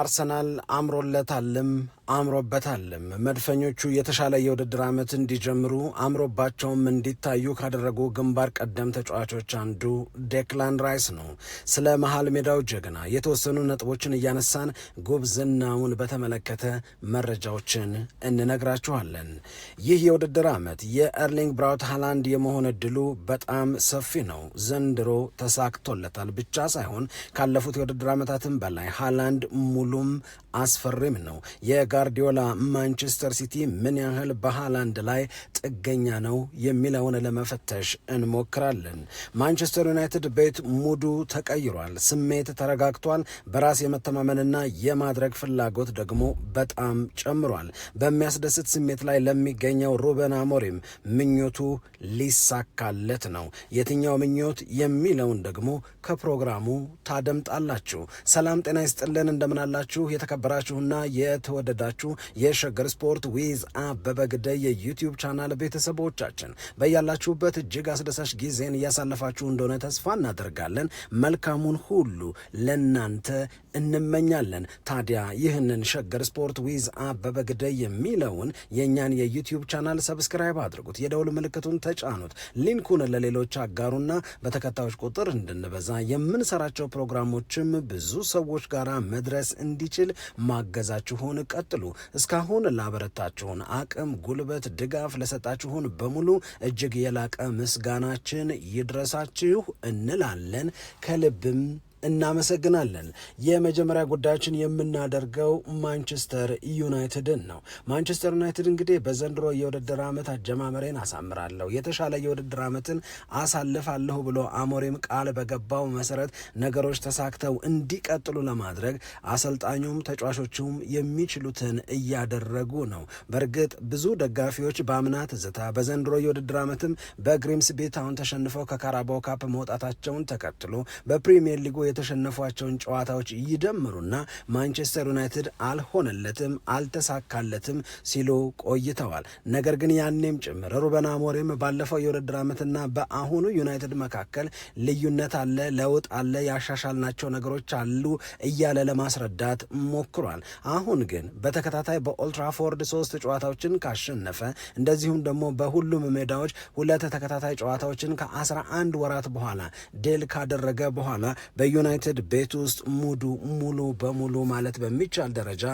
አርሰናል አምሮለታልም አምሮበታልም። መድፈኞቹ የተሻለ የውድድር ዓመት እንዲጀምሩ አምሮባቸውም እንዲታዩ ካደረጉ ግንባር ቀደም ተጫዋቾች አንዱ ዴክላን ራይስ ነው። ስለ መሃል ሜዳው ጀግና የተወሰኑ ነጥቦችን እያነሳን ጉብዝናውን በተመለከተ መረጃዎችን እንነግራችኋለን። ይህ የውድድር ዓመት የኤርሊንግ ብራውት ሃላንድ የመሆን እድሉ በጣም ሰፊ ነው። ዘንድሮ ተሳክቶለታል ብቻ ሳይሆን ካለፉት የውድድር ዓመታትም በላይ ሃላንድ በሙሉም አስፈሪም ነው። የጋርዲዮላ ማንቸስተር ሲቲ ምን ያህል በሃላንድ ላይ ጥገኛ ነው የሚለውን ለመፈተሽ እንሞክራለን። ማንቸስተር ዩናይትድ ቤት ሙዱ ተቀይሯል። ስሜት ተረጋግቷል። በራስ የመተማመንና የማድረግ ፍላጎት ደግሞ በጣም ጨምሯል። በሚያስደስት ስሜት ላይ ለሚገኘው ሩበን አሞሪም ምኞቱ ሊሳካለት ነው። የትኛው ምኞት የሚለውን ደግሞ ከፕሮግራሙ ታደምጣላችሁ። ሰላም ጤና ይስጥልን እንደምናል እንደምናላችሁ የተከበራችሁና የተወደዳችሁ የሸገር ስፖርት ዊዝ አበበ ግደይ የዩቲዩብ ቻናል ቤተሰቦቻችን በያላችሁበት እጅግ አስደሳች ጊዜን እያሳለፋችሁ እንደሆነ ተስፋ እናደርጋለን። መልካሙን ሁሉ ለናንተ እንመኛለን። ታዲያ ይህንን ሸገር ስፖርት ዊዝ አበበ ግደይ የሚለውን የእኛን የዩቲዩብ ቻናል ሰብስክራይብ አድርጉት፣ የደውል ምልክቱን ተጫኑት፣ ሊንኩን ለሌሎች አጋሩና በተከታዮች ቁጥር እንድንበዛ የምንሰራቸው ፕሮግራሞችም ብዙ ሰዎች ጋር መድረስ እንዲችል ማገዛችሁን ቀጥሉ። እስካሁን ላበረታችሁን አቅም፣ ጉልበት፣ ድጋፍ ለሰጣችሁን በሙሉ እጅግ የላቀ ምስጋናችን ይድረሳችሁ እንላለን ከልብም እናመሰግናለን። የመጀመሪያ ጉዳያችን የምናደርገው ማንቸስተር ዩናይትድን ነው። ማንቸስተር ዩናይትድ እንግዲህ በዘንድሮ የውድድር ዓመት አጀማመሬን አሳምራለሁ፣ የተሻለ የውድድር ዓመትን አሳልፋለሁ ብሎ አሞሪም ቃል በገባው መሰረት ነገሮች ተሳክተው እንዲቀጥሉ ለማድረግ አሰልጣኙም ተጫዋቾቹም የሚችሉትን እያደረጉ ነው። በእርግጥ ብዙ ደጋፊዎች በአምና ትዝታ በዘንድሮ የውድድር ዓመትም በግሪምስቢ ታውን ተሸንፈው ከካራባው ካፕ መውጣታቸውን ተከትሎ በፕሪሚየር ሊጉ የተሸነፏቸውን ጨዋታዎች ይደምሩና ማንቸስተር ዩናይትድ አልሆነለትም፣ አልተሳካለትም ሲሉ ቆይተዋል። ነገር ግን ያኔም ጭምር ሩበን አሞሪም ባለፈው የውድድር ዓመትና በአሁኑ ዩናይትድ መካከል ልዩነት አለ፣ ለውጥ አለ፣ ያሻሻልናቸው ነገሮች አሉ እያለ ለማስረዳት ሞክሯል። አሁን ግን በተከታታይ በኦልትራፎርድ ሶስት ጨዋታዎችን ካሸነፈ እንደዚሁም ደግሞ በሁሉም ሜዳዎች ሁለት ተከታታይ ጨዋታዎችን ከአስራ አንድ ወራት በኋላ ድል ካደረገ በኋላ በዩ ዩናይትድ ቤት ውስጥ ሙዱ ሙሉ በሙሉ ማለት በሚቻል ደረጃ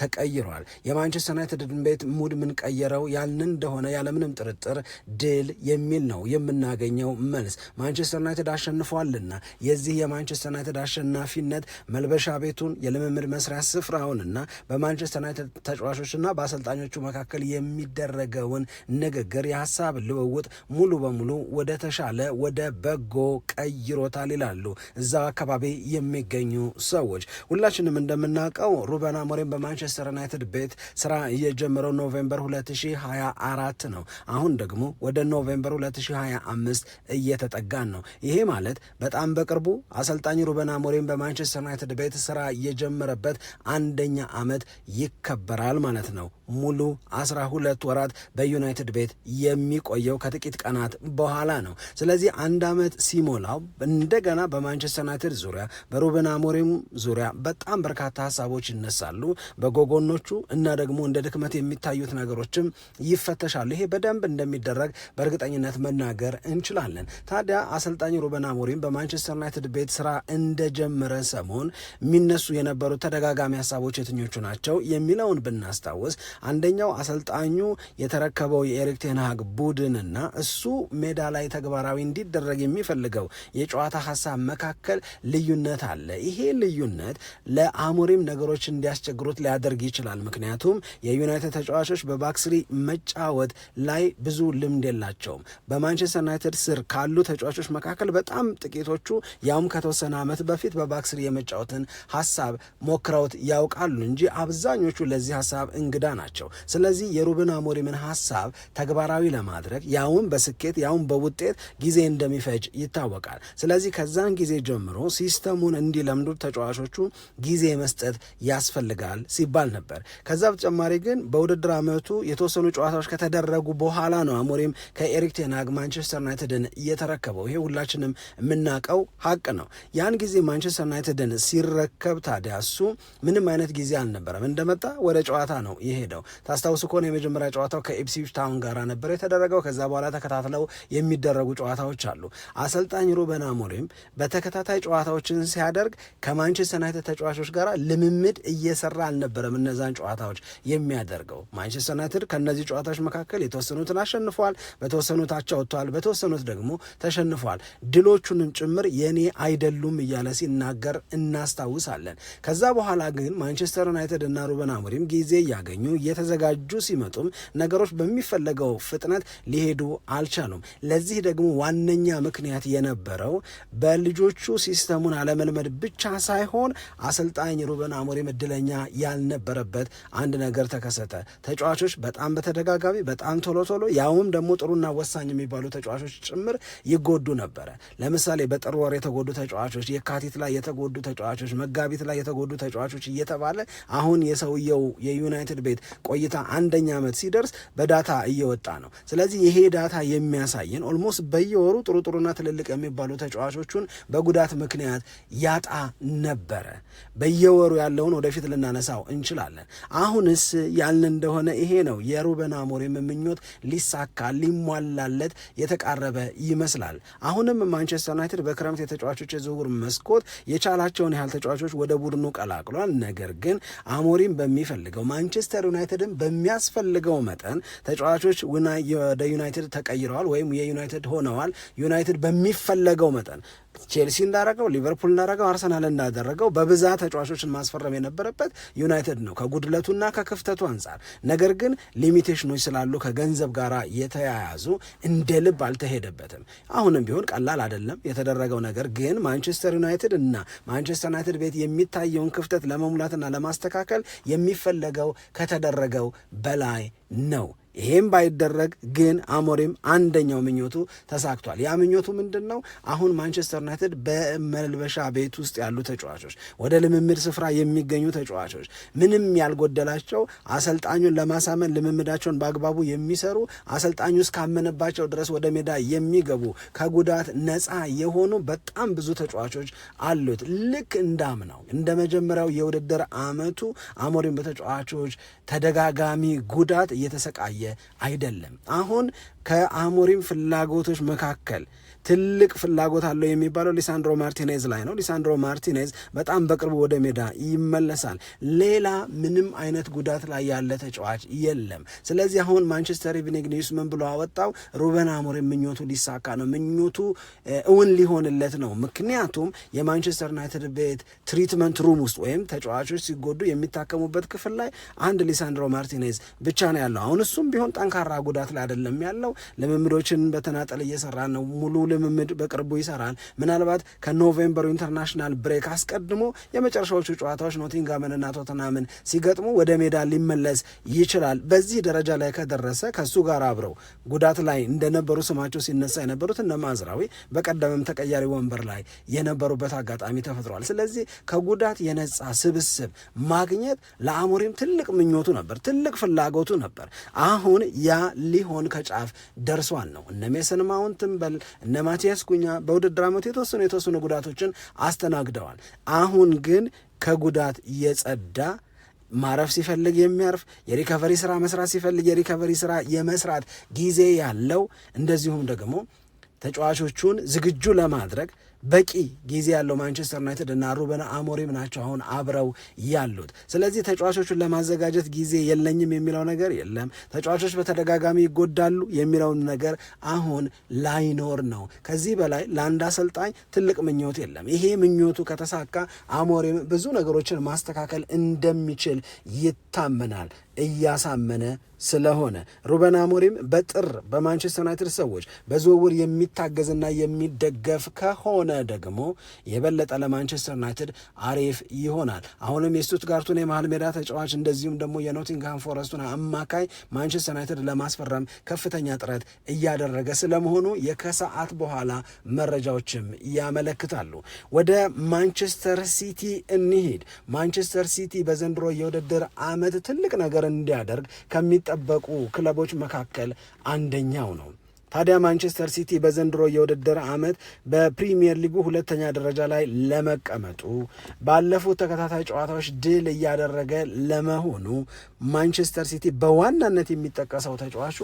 ተቀይሯል። የማንቸስተር ዩናይትድን ቤት ሙድ ምንቀየረው ያንን እንደሆነ ያለምንም ጥርጥር ድል የሚል ነው የምናገኘው መልስ። ማንቸስተር ዩናይትድ አሸንፏልና የዚህ የማንቸስተር ዩናይትድ አሸናፊነት መልበሻ ቤቱን የልምምድ መስሪያ ስፍራውንና በማንቸስተር ዩናይትድ ተጫዋቾችና በአሰልጣኞቹ መካከል የሚደረገውን ንግግር፣ የሀሳብ ልውውጥ ሙሉ በሙሉ ወደ ተሻለ ወደ በጎ ቀይሮታል ይላሉ እዛው አካባቢ አካባቢ የሚገኙ ሰዎች ሁላችንም እንደምናውቀው ሩበን አሞሪም በማንቸስተር ዩናይትድ ቤት ስራ የጀመረው ኖቬምበር 2024 ነው። አሁን ደግሞ ወደ ኖቬምበር 2025 እየተጠጋን ነው። ይሄ ማለት በጣም በቅርቡ አሰልጣኝ ሩበን አሞሪም በማንቸስተር ዩናይትድ ቤት ስራ የጀመረበት አንደኛ ዓመት ይከበራል ማለት ነው። ሙሉ 12 ወራት በዩናይትድ ቤት የሚቆየው ከጥቂት ቀናት በኋላ ነው። ስለዚህ አንድ ዓመት ሲሞላው እንደገና በማንቸስተር ዩናይትድ ዙሪያ በሩበን አሞሪም ዙሪያ በጣም በርካታ ሀሳቦች ይነሳሉ። በጎጎኖቹ እና ደግሞ እንደ ድክመት የሚታዩት ነገሮችም ይፈተሻሉ። ይሄ በደንብ እንደሚደረግ በእርግጠኝነት መናገር እንችላለን። ታዲያ አሰልጣኝ ሩበን አሞሪም በማንቸስተር ዩናይትድ ቤት ስራ እንደጀመረ ሰሞን የሚነሱ የነበሩ ተደጋጋሚ ሀሳቦች የትኞቹ ናቸው የሚለውን ብናስታውስ አንደኛው አሰልጣኙ የተረከበው የኤሪክ ቴንሃግ ቡድንና እሱ ሜዳ ላይ ተግባራዊ እንዲደረግ የሚፈልገው የጨዋታ ሀሳብ መካከል ልዩነት አለ። ይሄ ልዩነት ለአሞሪም ነገሮች እንዲያስቸግሩት ሊያደርግ ይችላል። ምክንያቱም የዩናይትድ ተጫዋቾች በባክስሪ መጫወት ላይ ብዙ ልምድ የላቸውም። በማንቸስተር ዩናይትድ ስር ካሉ ተጫዋቾች መካከል በጣም ጥቂቶቹ ያውም ከተወሰነ ዓመት በፊት በባክስሪ የመጫወትን ሀሳብ ሞክረውት ያውቃሉ እንጂ አብዛኞቹ ለዚህ ሀሳብ እንግዳ ናቸው። ስለዚህ የሩብን አሞሪምን ሀሳብ ተግባራዊ ለማድረግ ያውም በስኬት ያውም በውጤት ጊዜ እንደሚፈጅ ይታወቃል። ስለዚህ ከዛን ጊዜ ጀምሮ ሲስተሙን እንዲለምዱ ተጫዋቾቹ ጊዜ መስጠት ያስፈልጋል ሲባል ነበር። ከዛ በተጨማሪ ግን በውድድር ዓመቱ የተወሰኑ ጨዋታዎች ከተደረጉ በኋላ ነው አሞሪም ከኤሪክ ቴናግ ማንቸስተር ዩናይትድን እየተረከበው። ይሄ ሁላችንም የምናውቀው ሀቅ ነው። ያን ጊዜ ማንቸስተር ዩናይትድን ሲረከብ ታዲያ እሱ ምንም አይነት ጊዜ አልነበረም። እንደመጣ ወደ ጨዋታ ነው የሄደው። ታስታውሱ ከሆነ የመጀመሪያ ጨዋታው ከኢፕስዊች ታውን ጋር ነበር የተደረገው። ከዛ በኋላ ተከታትለው የሚደረጉ ጨዋታዎች አሉ። አሰልጣኝ ሩበን አሞሪም በተከታታይ ጨዋታ ጨዋታዎችን ሲያደርግ ከማንቸስተር ዩናይትድ ተጫዋቾች ጋር ልምምድ እየሰራ አልነበረም። እነዛን ጨዋታዎች የሚያደርገው ማንቸስተር ዩናይትድ ከእነዚህ ጨዋታዎች መካከል የተወሰኑትን አሸንፏል፣ በተወሰኑት አቻ በተወሰኑት ደግሞ ተሸንፏል። ድሎቹንም ጭምር የኔ አይደሉም እያለ ሲናገር እናስታውሳለን። ከዛ በኋላ ግን ማንቸስተር ዩናይትድ እና ሩበን አሞሪም ጊዜ እያገኙ እየተዘጋጁ ሲመጡም ነገሮች በሚፈለገው ፍጥነት ሊሄዱ አልቻሉም። ለዚህ ደግሞ ዋነኛ ምክንያት የነበረው በልጆቹ ሲስተሙ አቋሙን አለመልመድ ብቻ ሳይሆን አሰልጣኝ ሩበን አሞሪም እድለኛ ያልነበረበት አንድ ነገር ተከሰተ። ተጫዋቾች በጣም በተደጋጋሚ በጣም ቶሎ ቶሎ ያውም ደግሞ ጥሩና ወሳኝ የሚባሉ ተጫዋቾች ጭምር ይጎዱ ነበረ። ለምሳሌ በጥር ወር የተጎዱ ተጫዋቾች፣ የካቲት ላይ የተጎዱ ተጫዋቾች፣ መጋቢት ላይ የተጎዱ ተጫዋቾች እየተባለ አሁን የሰውየው የዩናይትድ ቤት ቆይታ አንደኛ ዓመት ሲደርስ በዳታ እየወጣ ነው። ስለዚህ ይሄ ዳታ የሚያሳየን ኦልሞስት በየወሩ ጥሩ ጥሩና ትልልቅ የሚባሉ ተጫዋቾቹን በጉዳት ምክንያት ምክንያት ያጣ ነበረ። በየወሩ ያለውን ወደፊት ልናነሳው እንችላለን። አሁንስ ያልን እንደሆነ ይሄ ነው የሩበን አሞሪም ምኞት ሊሳካ ሊሟላለት የተቃረበ ይመስላል። አሁንም ማንቸስተር ዩናይትድ በክረምት የተጫዋቾች የዝውውር መስኮት የቻላቸውን ያህል ተጫዋቾች ወደ ቡድኑ ቀላቅሏል። ነገር ግን አሞሪም በሚፈልገው ማንቸስተር ዩናይትድን በሚያስፈልገው መጠን ተጫዋቾች ወደ ዩናይትድ ተቀይረዋል ወይም የዩናይትድ ሆነዋል። ዩናይትድ በሚፈለገው መጠን ቼልሲ እንዳረገው ሊቨርፑል እንዳረገው አርሰናል እንዳደረገው በብዛት ተጫዋቾችን ማስፈረም የነበረበት ዩናይትድ ነው ከጉድለቱና ከክፍተቱ አንጻር። ነገር ግን ሊሚቴሽኖች ስላሉ ከገንዘብ ጋር የተያያዙ እንደ ልብ አልተሄደበትም። አሁንም ቢሆን ቀላል አይደለም የተደረገው ነገር ግን ማንቸስተር ዩናይትድ እና ማንቸስተር ዩናይትድ ቤት የሚታየውን ክፍተት ለመሙላትና ለማስተካከል የሚፈለገው ከተደረገው በላይ ነው። ይሄም ባይደረግ ግን አሞሪም አንደኛው ምኞቱ ተሳክቷል። ያ ምኞቱ ምንድን ነው? አሁን ማንቸስተር ዩናይትድ በመልበሻ ቤት ውስጥ ያሉ ተጫዋቾች፣ ወደ ልምምድ ስፍራ የሚገኙ ተጫዋቾች ምንም ያልጎደላቸው፣ አሰልጣኙን ለማሳመን ልምምዳቸውን በአግባቡ የሚሰሩ፣ አሰልጣኙ እስካመነባቸው ድረስ ወደ ሜዳ የሚገቡ፣ ከጉዳት ነፃ የሆኑ በጣም ብዙ ተጫዋቾች አሉት። ልክ እንዳምናው እንደ መጀመሪያው የውድድር አመቱ አሞሪም በተጫዋቾች ተደጋጋሚ ጉዳት እየተሰቃየ የተለየ አይደለም። አሁን ከአሞሪም ፍላጎቶች መካከል ትልቅ ፍላጎት አለው የሚባለው ሊሳንድሮ ማርቲኔዝ ላይ ነው። ሊሳንድሮ ማርቲኔዝ በጣም በቅርቡ ወደ ሜዳ ይመለሳል። ሌላ ምንም አይነት ጉዳት ላይ ያለ ተጫዋች የለም። ስለዚህ አሁን ማንቸስተር ኢቭኒንግ ኒውስ ምን ብሎ አወጣው? ሩበን አሞሪም ምኞቱ ሊሳካ ነው፣ ምኞቱ እውን ሊሆንለት ነው። ምክንያቱም የማንቸስተር ዩናይትድ ቤት ትሪትመንት ሩም ውስጥ ወይም ተጫዋቾች ሲጎዱ የሚታከሙበት ክፍል ላይ አንድ ሊሳንድሮ ማርቲኔዝ ብቻ ነው ያለው። አሁን እሱም ቢሆን ጠንካራ ጉዳት ላይ አይደለም ያለው። ልምምዶችን በተናጠል እየሰራ ነው ሙሉ ልምምድ በቅርቡ ይሰራል። ምናልባት ከኖቬምበሩ ኢንተርናሽናል ብሬክ አስቀድሞ የመጨረሻዎቹ ጨዋታዎች ኖቲንጋምንና ቶተናምን ሲገጥሙ ወደ ሜዳ ሊመለስ ይችላል። በዚህ ደረጃ ላይ ከደረሰ ከሱ ጋር አብረው ጉዳት ላይ እንደነበሩ ስማቸው ሲነሳ የነበሩት እነ ማዝራዊ በቀደምም ተቀያሪ ወንበር ላይ የነበሩበት አጋጣሚ ተፈጥሯል። ስለዚህ ከጉዳት የነጻ ስብስብ ማግኘት ለአሞሪም ትልቅ ምኞቱ ነበር፣ ትልቅ ፍላጎቱ ነበር። አሁን ያ ሊሆን ከጫፍ ደርሷል ነው እነ ሜሰን ማውንትን በል እነ ለማቲያስ ኩኛ በውድድር ዓመቱ የተወሰኑ የተወሰኑ ጉዳቶችን አስተናግደዋል። አሁን ግን ከጉዳት የጸዳ ማረፍ ሲፈልግ የሚያርፍ የሪከቨሪ ስራ መስራት ሲፈልግ የሪከቨሪ ስራ የመስራት ጊዜ ያለው እንደዚሁም ደግሞ ተጫዋቾቹን ዝግጁ ለማድረግ በቂ ጊዜ ያለው ማንቸስተር ዩናይትድ እና ሩበን አሞሪም ናቸው አሁን አብረው ያሉት። ስለዚህ ተጫዋቾቹን ለማዘጋጀት ጊዜ የለኝም የሚለው ነገር የለም። ተጫዋቾች በተደጋጋሚ ይጎዳሉ የሚለውን ነገር አሁን ላይኖር ነው። ከዚህ በላይ ለአንድ አሰልጣኝ ትልቅ ምኞት የለም። ይሄ ምኞቱ ከተሳካ አሞሪም ብዙ ነገሮችን ማስተካከል እንደሚችል ይታመናል እያሳመነ ስለሆነ ሩበን አሞሪም በጥር በማንቸስተር ዩናይትድ ሰዎች በዝውውር የሚታገዝና የሚደገፍ ከሆነ ደግሞ የበለጠ ለማንቸስተር ዩናይትድ አሪፍ ይሆናል። አሁንም የስቱትጋርቱን የመሃል ሜዳ ተጫዋች እንደዚሁም ደግሞ የኖቲንግሃም ፎረስቱን አማካይ ማንቸስተር ዩናይትድ ለማስፈረም ከፍተኛ ጥረት እያደረገ ስለመሆኑ የከሰዓት በኋላ መረጃዎችም ያመለክታሉ። ወደ ማንቸስተር ሲቲ እንሂድ። ማንቸስተር ሲቲ በዘንድሮ የውድድር ዓመት ትልቅ ነገር እንዲያደርግ ከሚጠ ከሚጠበቁ ክለቦች መካከል አንደኛው ነው። ታዲያ ማንቸስተር ሲቲ በዘንድሮ የውድድር ዓመት በፕሪሚየር ሊጉ ሁለተኛ ደረጃ ላይ ለመቀመጡ ባለፉት ተከታታይ ጨዋታዎች ድል እያደረገ ለመሆኑ ማንቸስተር ሲቲ በዋናነት የሚጠቀሰው ተጫዋቹ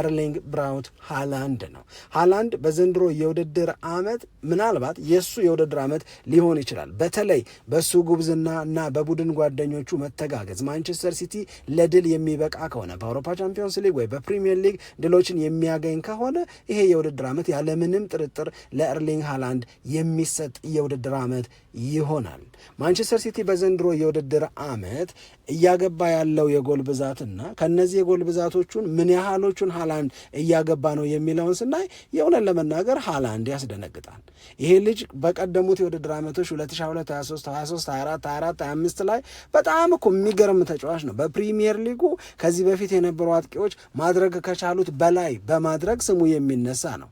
ኤርሊንግ ብራውት ሃላንድ ነው። ሃላንድ በዘንድሮ የውድድር ዓመት ምናልባት የእሱ የውድድር ዓመት ሊሆን ይችላል። በተለይ በሱ ጉብዝና እና በቡድን ጓደኞቹ መተጋገዝ ማንቸስተር ሲቲ ለድል የሚበቃ ከሆነ በአውሮፓ ቻምፒዮንስ ሊግ ወይ በፕሪሚየር ሊግ ድሎችን የሚያገኝ ከሆነ ከሆነ ይሄ የውድድር ዓመት ያለምንም ጥርጥር ለእርሊንግ ሃላንድ የሚሰጥ የውድድር ዓመት ይሆናል። ማንቸስተር ሲቲ በዘንድሮ የውድድር ዓመት እያገባ ያለው የጎል ብዛትና ከነዚህ የጎል ብዛቶቹን ምን ያህሎቹን ሃላንድ እያገባ ነው የሚለውን ስናይ የእውነት ለመናገር ሃላንድ ያስደነግጣል። ይሄ ልጅ በቀደሙት የውድድር ዓመቶች 2022፣ 23፣ 24፣ 24፣ 25 ላይ በጣም እኮ የሚገርም ተጫዋች ነው። በፕሪሚየር ሊጉ ከዚህ በፊት የነበሩ አጥቂዎች ማድረግ ከቻሉት በላይ በማድረግ ስሙ የሚነሳ ነው።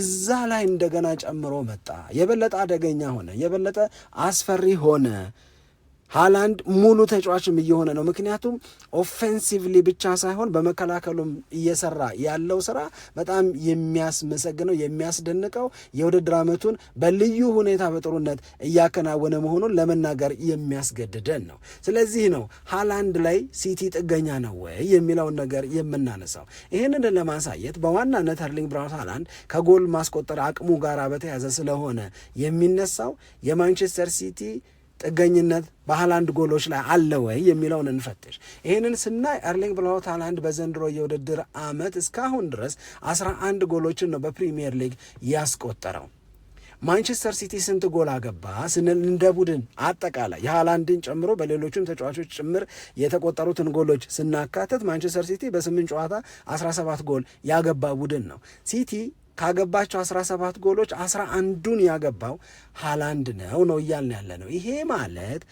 እዛ ላይ እንደገና ጨምሮ መጣ። የበለጠ አደገኛ ሆነ። የበለጠ አስፈሪ ሆነ። ሃላንድ ሙሉ ተጫዋችም እየሆነ ነው። ምክንያቱም ኦፌንሲቭሊ ብቻ ሳይሆን በመከላከሉም እየሰራ ያለው ስራ በጣም የሚያስመሰግነው የሚያስደንቀው የውድድር ዓመቱን በልዩ ሁኔታ በጥሩነት እያከናወነ መሆኑን ለመናገር የሚያስገድደን ነው። ስለዚህ ነው ሃላንድ ላይ ሲቲ ጥገኛ ነው ወይ የሚለውን ነገር የምናነሳው። ይህንን ለማሳየት በዋናነት አርሊንግ ብራውት ሃላንድ ከጎል ማስቆጠር አቅሙ ጋር በተያያዘ ስለሆነ የሚነሳው የማንቸስተር ሲቲ ጥገኝነት በሃላንድ ጎሎች ላይ አለ ወይ የሚለውን እንፈትሽ። ይህንን ስናይ ኤርሊንግ ብራውት ሃላንድ በዘንድሮ የውድድር ዓመት እስካሁን ድረስ 11 ጎሎችን ነው በፕሪሚየር ሊግ ያስቆጠረው። ማንቸስተር ሲቲ ስንት ጎል አገባ ስንል እንደ ቡድን አጠቃላይ የሃላንድን ጨምሮ በሌሎችም ተጫዋቾች ጭምር የተቆጠሩትን ጎሎች ስናካተት ማንቸስተር ሲቲ በስምንት ጨዋታ 17 ጎል ያገባ ቡድን ነው። ሲቲ ካገባቸው 17 ጎሎች 11ዱን ያገባው ሃላንድ ነው ነው እያልን ያለ ነው። ይሄ ማለት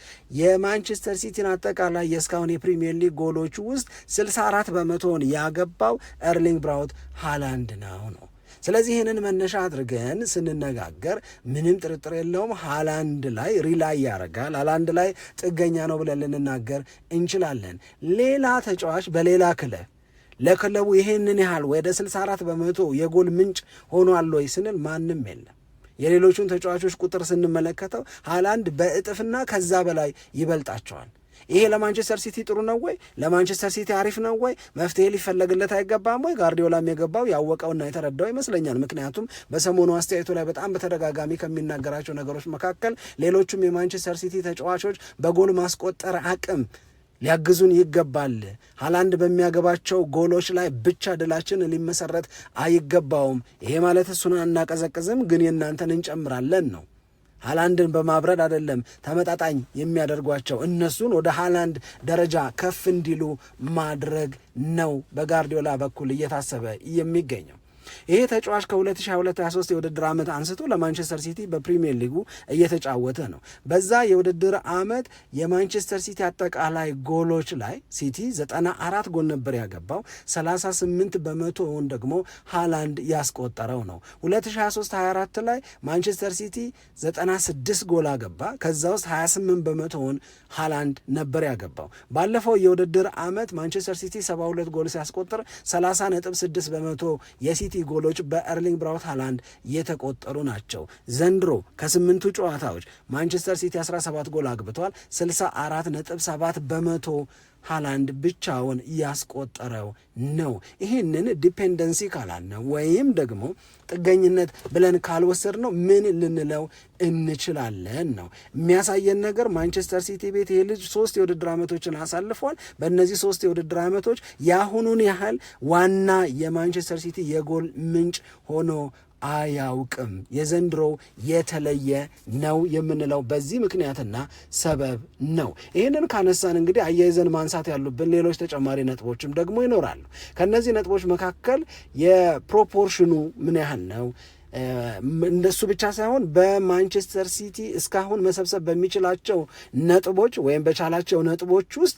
የማንቸስተር ሲቲን አጠቃላይ የእስካሁን የፕሪሚየር ሊግ ጎሎች ውስጥ 64 በመቶውን ያገባው ኤርሊንግ ብራውት ሃላንድ ነው ነው። ስለዚህ ይህንን መነሻ አድርገን ስንነጋገር ምንም ጥርጥር የለውም ሃላንድ ላይ ሪላይ ያደርጋል፣ ሃላንድ ላይ ጥገኛ ነው ብለን ልንናገር እንችላለን። ሌላ ተጫዋች በሌላ ክለብ ለክለቡ ይሄንን ያህል ወደ 64 በመቶ የጎል ምንጭ ሆኗል ወይ ስንል ማንም የለም። የሌሎቹን ተጫዋቾች ቁጥር ስንመለከተው ሃላንድ በእጥፍና ከዛ በላይ ይበልጣቸዋል። ይሄ ለማንቸስተር ሲቲ ጥሩ ነው ወይ? ለማንቸስተር ሲቲ አሪፍ ነው ወይ? መፍትሄ ሊፈለግለት አይገባም ወይ? ጋርዲዮላም የገባው ያወቀውና የተረዳው ይመስለኛል። ምክንያቱም በሰሞኑ አስተያየቱ ላይ በጣም በተደጋጋሚ ከሚናገራቸው ነገሮች መካከል ሌሎቹም የማንቸስተር ሲቲ ተጫዋቾች በጎል ማስቆጠር አቅም ሊያግዙን ይገባል። ሀላንድ በሚያገባቸው ጎሎች ላይ ብቻ ድላችን ሊመሰረት አይገባውም። ይሄ ማለት እሱን አናቀዘቅዝም፣ ግን የእናንተን እንጨምራለን ነው። ሃላንድን በማብረድ አይደለም ተመጣጣኝ የሚያደርጓቸው፣ እነሱን ወደ ሃላንድ ደረጃ ከፍ እንዲሉ ማድረግ ነው በጋርዲዮላ በኩል እየታሰበ የሚገኘው። ይሄ ተጫዋች ከ2022/23 የውድድር ዓመት አንስቶ ለማንቸስተር ሲቲ በፕሪሚየር ሊጉ እየተጫወተ ነው። በዛ የውድድር ዓመት የማንቸስተር ሲቲ አጠቃላይ ጎሎች ላይ ሲቲ 94 ጎል ነበር ያገባው፣ 38 በመቶውን ደግሞ ሃላንድ ያስቆጠረው ነው። 2023/24 ላይ ማንቸስተር ሲቲ 96 ጎል አገባ፣ ከዛ ውስጥ 28 በመቶውን ሃላንድ ነበር ያገባው። ባለፈው የውድድር ዓመት ማንቸስተር ሲቲ 72 ጎል ሲያስቆጥር 30.6 በመቶ የሲቲ ጎሎች በኤርሊንግ ብራውት ሃላንድ የተቆጠሩ ናቸው። ዘንድሮ ከስምንቱ ጨዋታዎች ማንቸስተር ሲቲ 17 ጎል አግብቷል። 64 ነጥብ 7 በመቶ ሃላንድ ብቻውን እያስቆጠረው ነው። ይህንን ዲፔንደንሲ ካላልነው ወይም ደግሞ ጥገኝነት ብለን ካልወሰድ ነው ምን ልንለው እንችላለን? ነው የሚያሳየን ነገር ማንቸስተር ሲቲ ቤት ይሄ ልጅ ሶስት የውድድር ዓመቶችን አሳልፏል። በእነዚህ ሶስት የውድድር ዓመቶች የአሁኑን ያህል ዋና የማንቸስተር ሲቲ የጎል ምንጭ ሆኖ አያውቅም። የዘንድሮ የተለየ ነው የምንለው በዚህ ምክንያትና ሰበብ ነው። ይህንን ካነሳን እንግዲህ አያይዘን ማንሳት ያሉብን ሌሎች ተጨማሪ ነጥቦችም ደግሞ ይኖራሉ። ከእነዚህ ነጥቦች መካከል የፕሮፖርሽኑ ምን ያህል ነው እንደሱ ብቻ ሳይሆን በማንቸስተር ሲቲ እስካሁን መሰብሰብ በሚችላቸው ነጥቦች ወይም በቻላቸው ነጥቦች ውስጥ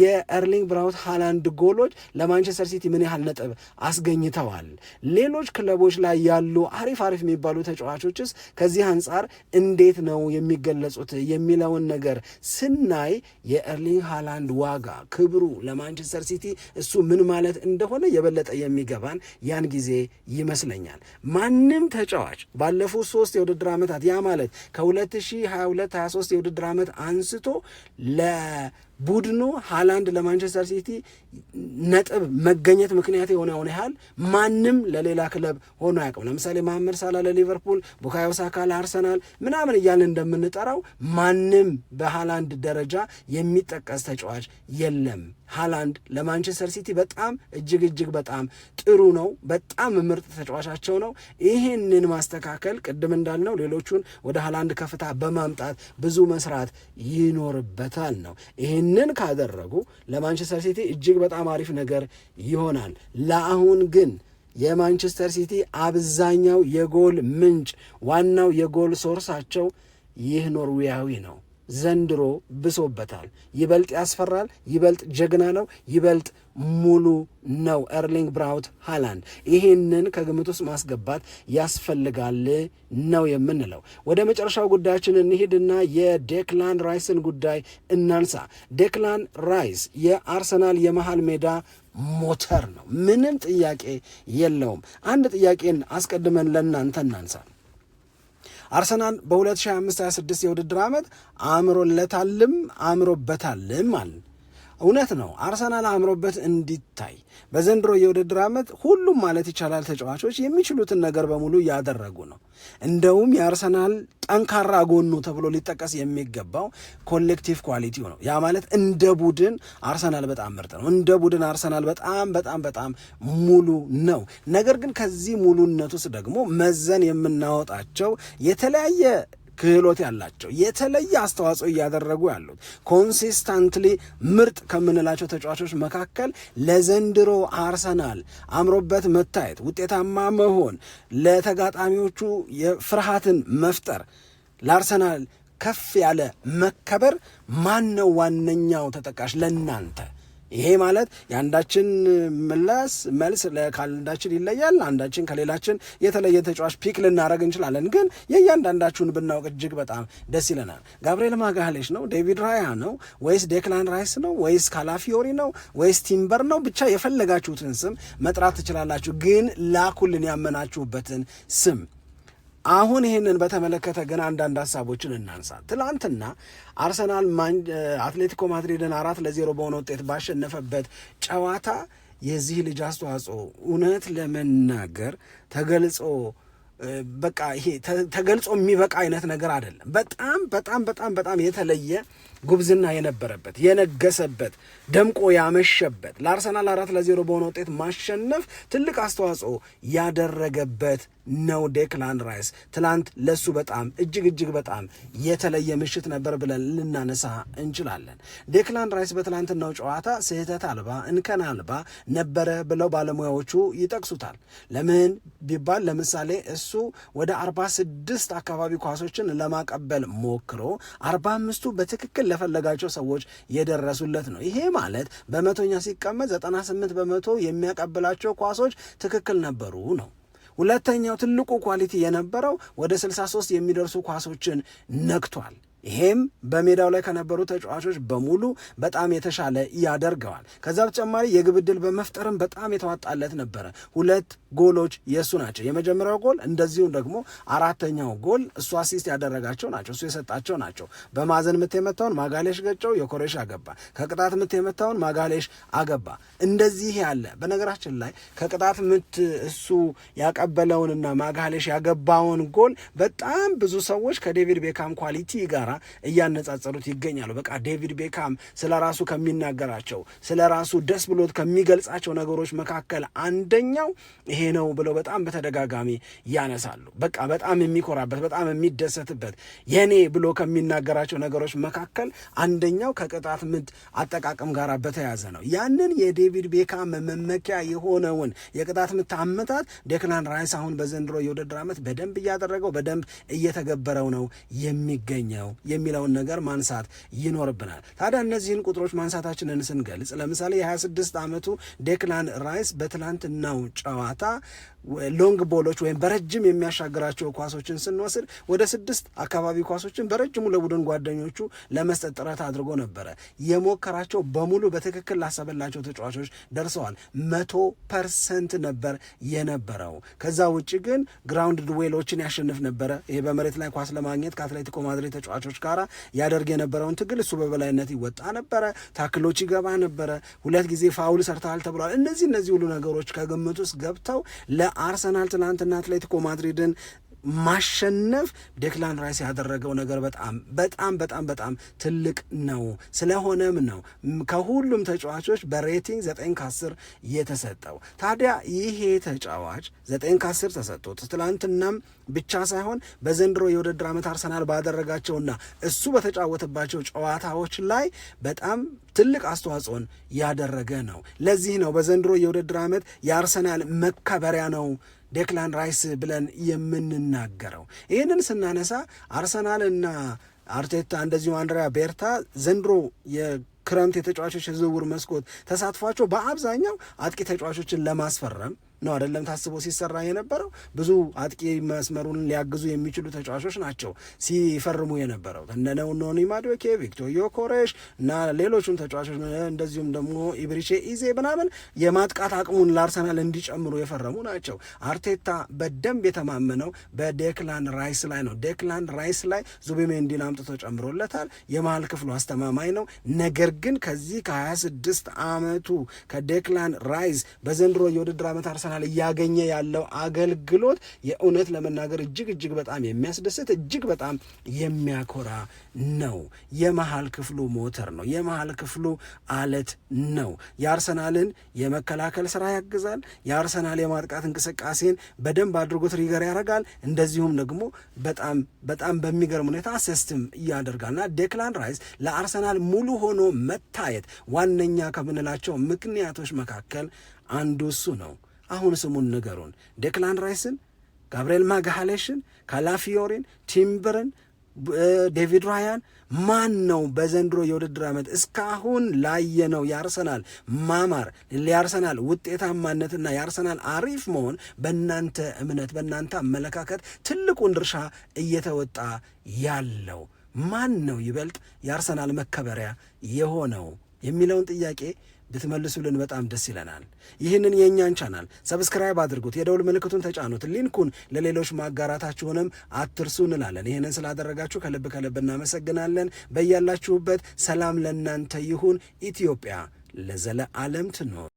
የኤርሊንግ ብራውት ሃላንድ ጎሎች ለማንቸስተር ሲቲ ምን ያህል ነጥብ አስገኝተዋል? ሌሎች ክለቦች ላይ ያሉ አሪፍ አሪፍ የሚባሉ ተጫዋቾችስ ከዚህ አንጻር እንዴት ነው የሚገለጹት የሚለውን ነገር ስናይ የኤርሊንግ ሃላንድ ዋጋ ክብሩ ለማንቸስተር ሲቲ እሱ ምን ማለት እንደሆነ የበለጠ የሚገባን ያን ጊዜ ይመስለኛል ማንም ተጫዋች ባለፉት ሶስት የውድድር ዓመታት ያ ማለት ከ2022/23 የውድድር ዓመት አንስቶ ለ ቡድኑ ሃላንድ ለማንቸስተር ሲቲ ነጥብ መገኘት ምክንያት የሆነ የሆነ ያህል ማንም ለሌላ ክለብ ሆኖ አያውቅም። ለምሳሌ መሐመድ ሳላ ለሊቨርፑል፣ ቡካዮ ሳካ ለአርሰናል ምናምን እያልን እንደምንጠራው ማንም በሃላንድ ደረጃ የሚጠቀስ ተጫዋች የለም። ሃላንድ ለማንቸስተር ሲቲ በጣም እጅግ እጅግ በጣም ጥሩ ነው። በጣም ምርጥ ተጫዋቻቸው ነው። ይህንን ማስተካከል ቅድም እንዳልነው ሌሎቹን ወደ ሃላንድ ከፍታ በማምጣት ብዙ መስራት ይኖርበታል ነው ይህን ይህንን ካደረጉ ለማንቸስተር ሲቲ እጅግ በጣም አሪፍ ነገር ይሆናል። ለአሁን ግን የማንቸስተር ሲቲ አብዛኛው የጎል ምንጭ ዋናው የጎል ሶርሳቸው ይህ ኖርዌያዊ ነው። ዘንድሮ ብሶበታል። ይበልጥ ያስፈራል፣ ይበልጥ ጀግና ነው፣ ይበልጥ ሙሉ ነው ኤርሊንግ ብራውት ሃላንድ። ይህንን ከግምት ውስጥ ማስገባት ያስፈልጋል ነው የምንለው። ወደ መጨረሻው ጉዳያችን እንሂድና የዴክላን ራይስን ጉዳይ እናንሳ። ዴክላን ራይስ የአርሰናል የመሃል ሜዳ ሞተር ነው፣ ምንም ጥያቄ የለውም። አንድ ጥያቄን አስቀድመን ለእናንተ እናንሳ። አርሰናል በ2025/26 የውድድር ዓመት አእምሮለታልም አእምሮበታልም አለ። እውነት ነው አርሰናል አምሮበት እንዲታይ በዘንድሮ የውድድር ዓመት ሁሉም ማለት ይቻላል ተጫዋቾች የሚችሉትን ነገር በሙሉ እያደረጉ ነው። እንደውም የአርሰናል ጠንካራ ጎኑ ተብሎ ሊጠቀስ የሚገባው ኮሌክቲቭ ኳሊቲው ነው። ያ ማለት እንደ ቡድን አርሰናል በጣም ምርጥ ነው። እንደ ቡድን አርሰናል በጣም በጣም በጣም ሙሉ ነው። ነገር ግን ከዚህ ሙሉነት ውስጥ ደግሞ መዘን የምናወጣቸው የተለያየ ክህሎት ያላቸው የተለየ አስተዋጽኦ እያደረጉ ያሉት ኮንሲስታንትሊ ምርጥ ከምንላቸው ተጫዋቾች መካከል ለዘንድሮ አርሰናል አምሮበት መታየት፣ ውጤታማ መሆን፣ ለተጋጣሚዎቹ የፍርሃትን መፍጠር፣ ለአርሰናል ከፍ ያለ መከበር ማን ነው ዋነኛው ተጠቃሽ ለእናንተ? ይሄ ማለት የአንዳችን ምላስ መልስ ከአንዳችን ይለያል። አንዳችን ከሌላችን የተለየ ተጫዋች ፒክ ልናደረግ እንችላለን፣ ግን የእያንዳንዳችሁን ብናውቅ እጅግ በጣም ደስ ይለናል። ጋብርኤል ማጋሌሽ ነው? ዴቪድ ራያ ነው? ወይስ ዴክላን ራይስ ነው? ወይስ ካላፊዮሪ ነው? ወይስ ቲምበር ነው? ብቻ የፈለጋችሁትን ስም መጥራት ትችላላችሁ፣ ግን ላኩልን ያመናችሁበትን ስም አሁን ይህንን በተመለከተ ግን አንዳንድ ሀሳቦችን እናንሳ። ትላንትና አርሰናል አትሌቲኮ ማድሪድን አራት ለዜሮ በሆነ ውጤት ባሸነፈበት ጨዋታ የዚህ ልጅ አስተዋጽኦ እውነት ለመናገር ተገልጾ በቃ ይሄ ተገልጾ የሚበቃ አይነት ነገር አይደለም። በጣም በጣም በጣም በጣም የተለየ ጉብዝና የነበረበት የነገሰበት ደምቆ ያመሸበት ለአርሰናል አራት ለዜሮ በሆነ ውጤት ማሸነፍ ትልቅ አስተዋጽኦ ያደረገበት ነው። ዴክላን ራይስ ትላንት ለሱ በጣም እጅግ እጅግ በጣም የተለየ ምሽት ነበር ብለን ልናነሳ እንችላለን። ዴክላን ራይስ በትላንትናው ጨዋታ ስህተት አልባ እንከን አልባ ነበረ ብለው ባለሙያዎቹ ይጠቅሱታል። ለምን ቢባል ለምሳሌ እሱ እሱ ወደ 46 አካባቢ ኳሶችን ለማቀበል ሞክሮ 45ቱ በትክክል ለፈለጋቸው ሰዎች የደረሱለት ነው። ይሄ ማለት በመቶኛ ሲቀመጥ 98 በመቶ የሚያቀብላቸው ኳሶች ትክክል ነበሩ ነው። ሁለተኛው ትልቁ ኳሊቲ የነበረው ወደ 63 የሚደርሱ ኳሶችን ነክቷል። ይሄም በሜዳው ላይ ከነበሩ ተጫዋቾች በሙሉ በጣም የተሻለ ያደርገዋል። ከዛ በተጨማሪ የግብ ዕድል በመፍጠርም በጣም የተዋጣለት ነበረ። ሁለት ጎሎች የእሱ ናቸው። የመጀመሪያው ጎል እንደዚሁም ደግሞ አራተኛው ጎል እሱ አሲስት ያደረጋቸው ናቸው፣ እሱ የሰጣቸው ናቸው። በማዘን ምት የመታውን ማጋሌሽ ገጨው፣ የኮሬሽ አገባ። ከቅጣት ምት የመታውን ማጋሌሽ አገባ። እንደዚህ ያለ በነገራችን ላይ ከቅጣት ምት እሱ ያቀበለውንና ማጋሌሽ ያገባውን ጎል በጣም ብዙ ሰዎች ከዴቪድ ቤካም ኳሊቲ ጋር እያነጻጸሩት ይገኛሉ። በቃ ዴቪድ ቤካም ስለ ራሱ ከሚናገራቸው ስለ ራሱ ደስ ብሎት ከሚገልጻቸው ነገሮች መካከል አንደኛው ይሄ ነው ብለው በጣም በተደጋጋሚ ያነሳሉ። በቃ በጣም የሚኮራበት በጣም የሚደሰትበት የኔ ብሎ ከሚናገራቸው ነገሮች መካከል አንደኛው ከቅጣት ምት አጠቃቀም ጋር በተያዘ ነው። ያንን የዴቪድ ቤካም መመኪያ የሆነውን የቅጣት ምት አመታት ዴክላን ራይስ አሁን በዘንድሮ የውድድር ዓመት በደንብ እያደረገው በደንብ እየተገበረው ነው የሚገኘው የሚለውን ነገር ማንሳት ይኖርብናል። ታዲያ እነዚህን ቁጥሮች ማንሳታችንን ስንገልጽ ለምሳሌ የ26 ዓመቱ ዴክላን ራይስ በትላንትናው ጨዋታ ሎንግ ቦሎች ወይም በረጅም የሚያሻግራቸው ኳሶችን ስንወስድ ወደ ስድስት አካባቢ ኳሶችን በረጅሙ ለቡድን ጓደኞቹ ለመስጠት ጥረት አድርጎ ነበረ። የሞከራቸው በሙሉ በትክክል ላሰበላቸው ተጫዋቾች ደርሰዋል። መቶ ፐርሰንት ነበር የነበረው። ከዛ ውጭ ግን ግራውንድ ድዌሎችን ያሸንፍ ነበረ። ይሄ በመሬት ላይ ኳስ ለማግኘት ከአትሌቲኮ ማድሪድ ተጫዋቾች ጋር ያደርግ የነበረውን ትግል እሱ በበላይነት ይወጣ ነበረ። ታክሎች ይገባ ነበረ። ሁለት ጊዜ ፋውል ሰርተሃል ተብሏል። እነዚህ እነዚህ ሁሉ ነገሮች ከግምት ውስጥ ገብተው አርሰናል ትናንትና አትሌቲኮ ማድሪድን ማሸነፍ ዴክላን ራይስ ያደረገው ነገር በጣም በጣም በጣም በጣም ትልቅ ነው። ስለሆነም ነው ከሁሉም ተጫዋቾች በሬቲንግ ዘጠኝ ከአስር የተሰጠው። ታዲያ ይሄ ተጫዋች ዘጠኝ ከአስር ተሰጥቶት ትላንትናም ብቻ ሳይሆን በዘንድሮ የውድድር ዓመት አርሰናል ባደረጋቸውና እሱ በተጫወተባቸው ጨዋታዎች ላይ በጣም ትልቅ አስተዋጽኦን ያደረገ ነው። ለዚህ ነው በዘንድሮ የውድድር ዓመት የአርሰናል መከበሪያ ነው ዴክላን ራይስ ብለን የምንናገረው። ይህንን ስናነሳ አርሰናልና አርቴታ እንደዚሁ አንድሪያ ቤርታ ዘንድሮ የክረምት የተጫዋቾች የዝውውር መስኮት ተሳትፏቸው በአብዛኛው አጥቂ ተጫዋቾችን ለማስፈረም ነው አይደለም ታስቦ ሲሰራ የነበረው። ብዙ አጥቂ መስመሩን ሊያግዙ የሚችሉ ተጫዋቾች ናቸው ሲፈርሙ የነበረው እነነው ኖኒ ማዱዌኬ፣ ቪክቶር እና ሌሎቹን ተጫዋቾች እንደዚሁም ደግሞ ኢብሪቼ ኢዜ ምናምን የማጥቃት አቅሙን ለአርሰናል እንዲጨምሩ የፈረሙ ናቸው። አርቴታ በደንብ የተማመነው በዴክላን ራይስ ላይ ነው። ዴክላን ራይስ ላይ ዙቢሜንዲን አምጥቶ ጨምሮለታል። የመሀል ክፍሉ አስተማማኝ ነው። ነገር ግን ከዚህ ከ26 አመቱ ከዴክላን ራይስ በዘንድሮ የውድድር አመት አርሰናል እያገኘ ያለው አገልግሎት የእውነት ለመናገር እጅግ እጅግ በጣም የሚያስደስት እጅግ በጣም የሚያኮራ ነው። የመሀል ክፍሉ ሞተር ነው። የመሀል ክፍሉ አለት ነው። የአርሰናልን የመከላከል ስራ ያግዛል። የአርሰናል የማጥቃት እንቅስቃሴን በደንብ አድርጎ ትሪገር ያደርጋል። እንደዚሁም ደግሞ በጣም በጣም በሚገርም ሁኔታ አሲስትም ያደርጋልና ዴክላን ራይስ ለአርሰናል ሙሉ ሆኖ መታየት ዋነኛ ከምንላቸው ምክንያቶች መካከል አንዱ እሱ ነው። አሁን ስሙን ንገሩን። ዴክላን ራይስን፣ ጋብርኤል ማግሃሌሽን፣ ካላፊዮሪን፣ ቲምበርን፣ ዴቪድ ራያን ማን ነው በዘንድሮ የውድድር ዓመት እስካሁን ላየነው የአርሰናል ማማር የአርሰናል ውጤታማነትና የአርሰናል አሪፍ መሆን በእናንተ እምነት በእናንተ አመለካከት ትልቁን ድርሻ እየተወጣ ያለው ማን ነው ይበልጥ የአርሰናል መከበሪያ የሆነው የሚለውን ጥያቄ ብትመልሱልን በጣም ደስ ይለናል። ይህንን የእኛን ቻናል ሰብስክራይብ አድርጉት፣ የደውል ምልክቱን ተጫኑት፣ ሊንኩን ለሌሎች ማጋራታችሁንም አትርሱ እንላለን። ይህንን ስላደረጋችሁ ከልብ ከልብ እናመሰግናለን። በያላችሁበት ሰላም ለእናንተ ይሁን። ኢትዮጵያ ለዘለዓለም ትኖር።